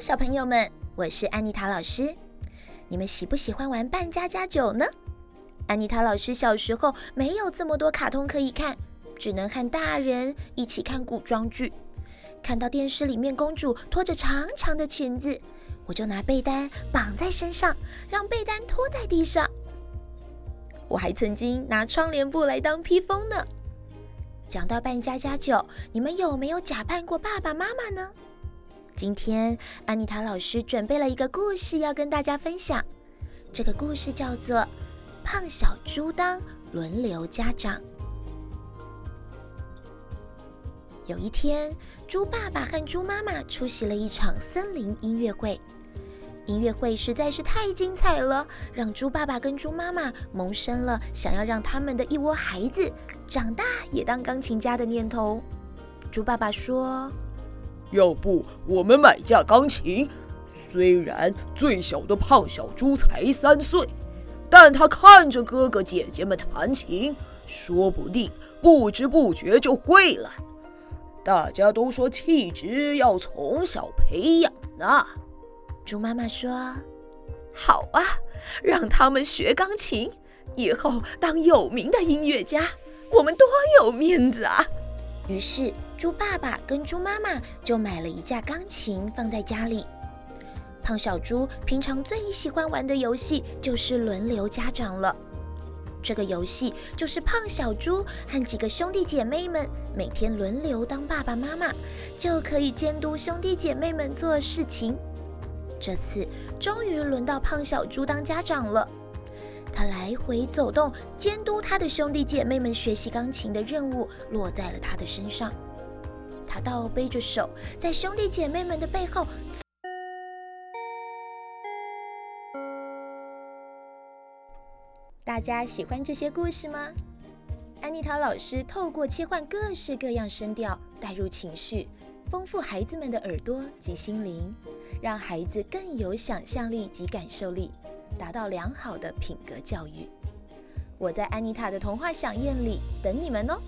小朋友們，我是安妮塔老師。你們喜不喜歡玩扮家家酒呢？安妮塔老師小時候沒有這麼多卡通可以看，只能和大人一起看古裝劇。看到電視裡面公主拖着長長的裙子，我就拿被單綁在身上，讓被單拖在地上。我還曾經拿窗簾布來當披風呢。講到扮家家酒，你們有沒有假扮過爸爸媽媽呢？今天安妮塔老師準備了一個故事要跟大家分享，這個故事叫做《胖小豬當輪流家長》。有一天，豬爸爸和豬媽媽出席了一場森林音樂會，音樂會實在是太精彩了，讓豬爸爸跟豬媽媽萌生了想要讓他們的一窩孩子長大也當鋼琴家的念頭。豬爸爸說。要不我們買架鋼琴？雖然最小的胖小豬才三歲，但他看着哥哥姐姐們彈琴，說不定不知不覺就會了。大家都說氣質要從小培養呢。豬媽媽說：“好啊，讓他們學鋼琴，以後當有名的音樂家，我們多有面子啊！”於是，豬爸爸跟豬媽媽就買了一架鋼琴放在家裡。胖小豬平常最喜歡玩的遊戲就是輪流家長了。這個遊戲就是胖小豬和幾個兄弟姐妹們每天輪流當爸爸媽媽，就可以監督兄弟姐妹們做事情。這次終於輪到胖小豬當家長了。他來回走動，監督他的兄弟姐妹們學習鋼琴的任務落在了他的身上。他倒背着手，在兄弟姐妹們的背後。大家喜歡這些故事嗎？安妮塔老師透過切換各式各樣聲調，帶入情緒，豐富孩子們的耳朵及心靈，讓孩子更有想象力及感受力。達到良好的品格教育，我在安妮塔的童話饗宴裡等你們哦。